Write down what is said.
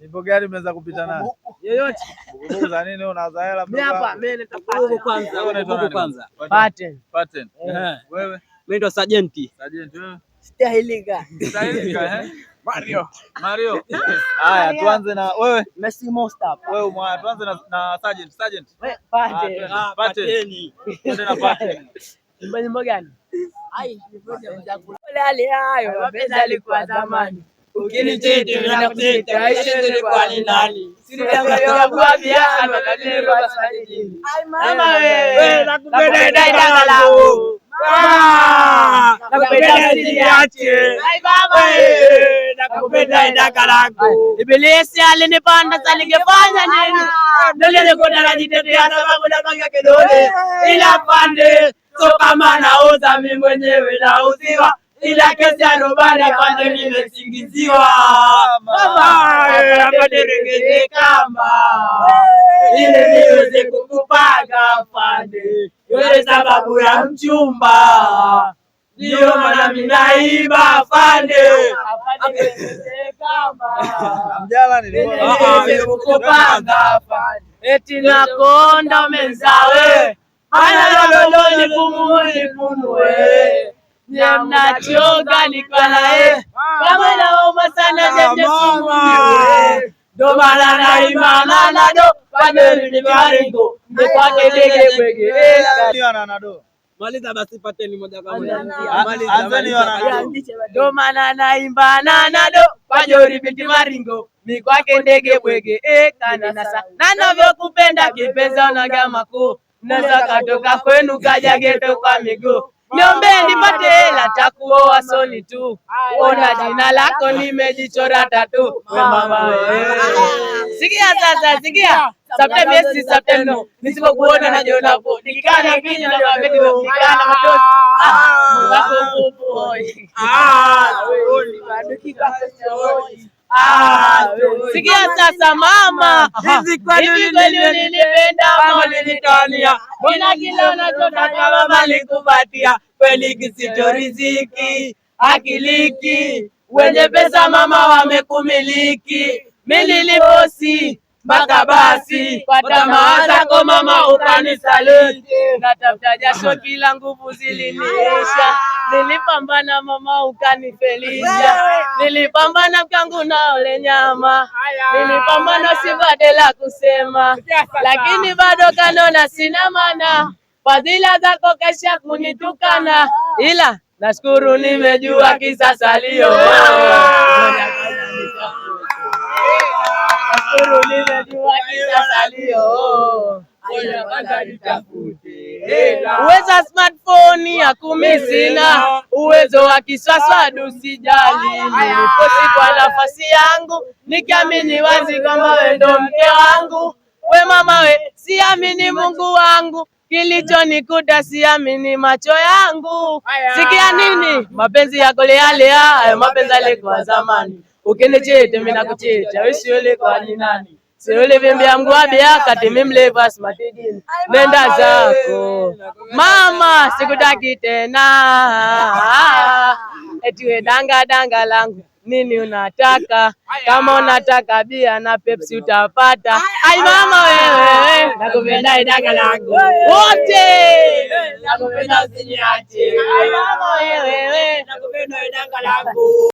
Nipo gari mnaweza kupita nani Yeyote. Bukubuku za nini unaza hela mimi hapa mimi nitakupa kwanza. Wewe unaitwa kwanza. Paten. Paten. Eh. Wewe? Mimi ndo sajenti. Sajenti wewe? Stahiliga. Stahilika eh? Mario. Mario. Haya tuanze na wewe. Messi up. Wewe mwa tuanze na na sergeant. Sergeant. Wewe Paten. Ah, ah, Paten. Tuanze na Paten. Mbona gani? Ai, ni hayo. Mapenzi alikuwa zamani. Nakupenda Ibilisi alinipanda salingefanya nini? Nilikuwa najitetea sababu namanga kidole ila pande so kama nauza mimi mwenyewe nauziwa ila kesi ya rubani kwanza nimesingiziwa hapa niregeze kamba ili niweze kukupaga pande yule, sababu ya mchumba ndio maana minaiba kukupaga kukupanga eti nakonda menzawe ana loloni kumuni kumwe mnachoka nikalae e. e. kama naoma sana mama ndo maana naimana nado padri ni maringo nipate dege bwege e. nado Maliza basi pateni moja kwa moja. Ndo maana naimba nanado pajori binti maringo ni kwake ndege bwege e nanavyokupenda kipenza unagama kuu naza katoka kwenu kaja geto kwa miguu Niombe nipate hela takuoa soni tu, ona jina lako nimejichora tatu. mama wewe, sikia sasa, sikia Saptem yes si Saptem no. Nisipokuona najiona po. Nikikana kinywa na mabedi na nikikana matosi. Ah, Mungu boy. Ah, wewe ni baduki kwa ah, Ah, Sikia sasa mama, hivi kweli ulinipenda ama ulinitania? Mbona kila unachotaka mama likupatia? Kweli kisicho riziki akiliki, wenye pesa mama wamekumiliki, mimi niliposi mpaka basi, kwa tamaa zako mama ukanisaliti, natafuta jasho kila nguvu ziliniisha. Nilipambana mama ukanifelisha, nilipambana kangu naole nyama, nilipambana la kusema, lakini bado kanona sina mana fadhila zako kesha kunitukana, ila nashukuru nimejua kisa salio uweza smartphone ya kumi sina, uwezo wa kisasa dusijali, nikosi kwa nafasi yangu, nikiamini wazi kwamba wewe ndo mke wangu. We mama we, siamini Mungu wangu kilichonikuta siamini macho yangu. Sikia nini, mapenzi ya kole lealea, hayo mapenzi yalikuwa zamani, ukinichiti mimi nakuchiti, wewe si yule kwa nani? Seule vyembea kati mimi mlevu asimatidini. Nenda zako mama, sikutaki tena, etiwe danga danga langu nini unataka? Kama unataka bia na Pepsi utapata. Ai mama wewe, nakupenda danga langu wote, nakupenda usiniache. Ai mama wewe, nakupenda danga langu.